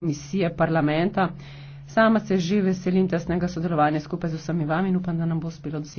komisije parlamenta. Sama se že veselim tesnega sodelovanja skupaj z vsemi vami in upam, da nam bo uspelo doseči.